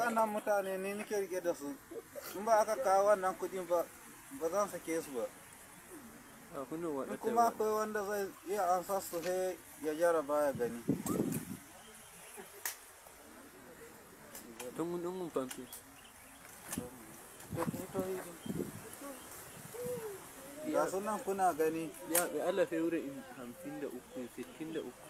wannan mutane ne nake rike da su in ba aka kawo wannan kudin ba ba zan sake su ba ah, in kuma akwai wanda zai iya ansa su sai ya jara baya gani Tungun Ga sunan kuna gani. Ya alafe wurin 53 da uku, da uku.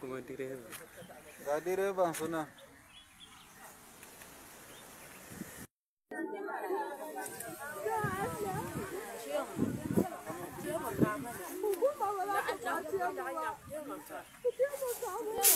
Como direba. Da direba, suna. Yeah.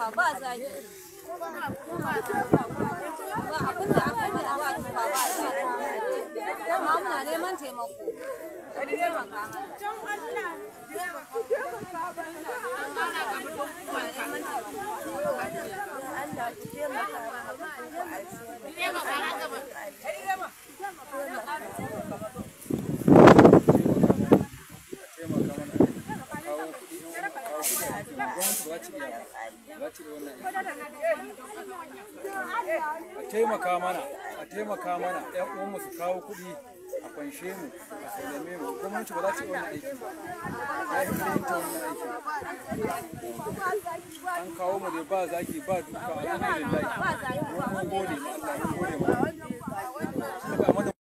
tufa ba zaki ba abin da aka mana ba tufa ba zaki kuma muna neman taimako Allah a taimaka mana a taimaka mana yan uwanmu su kawo kuɗi a kwanshe mu a sallame mu gwamnati ba za ta yi wannan aiki ba za ta yi ta wannan aiki an kawo mu da ba zaki ba duka alhamdulillah mun gode mu Allah mun gode mu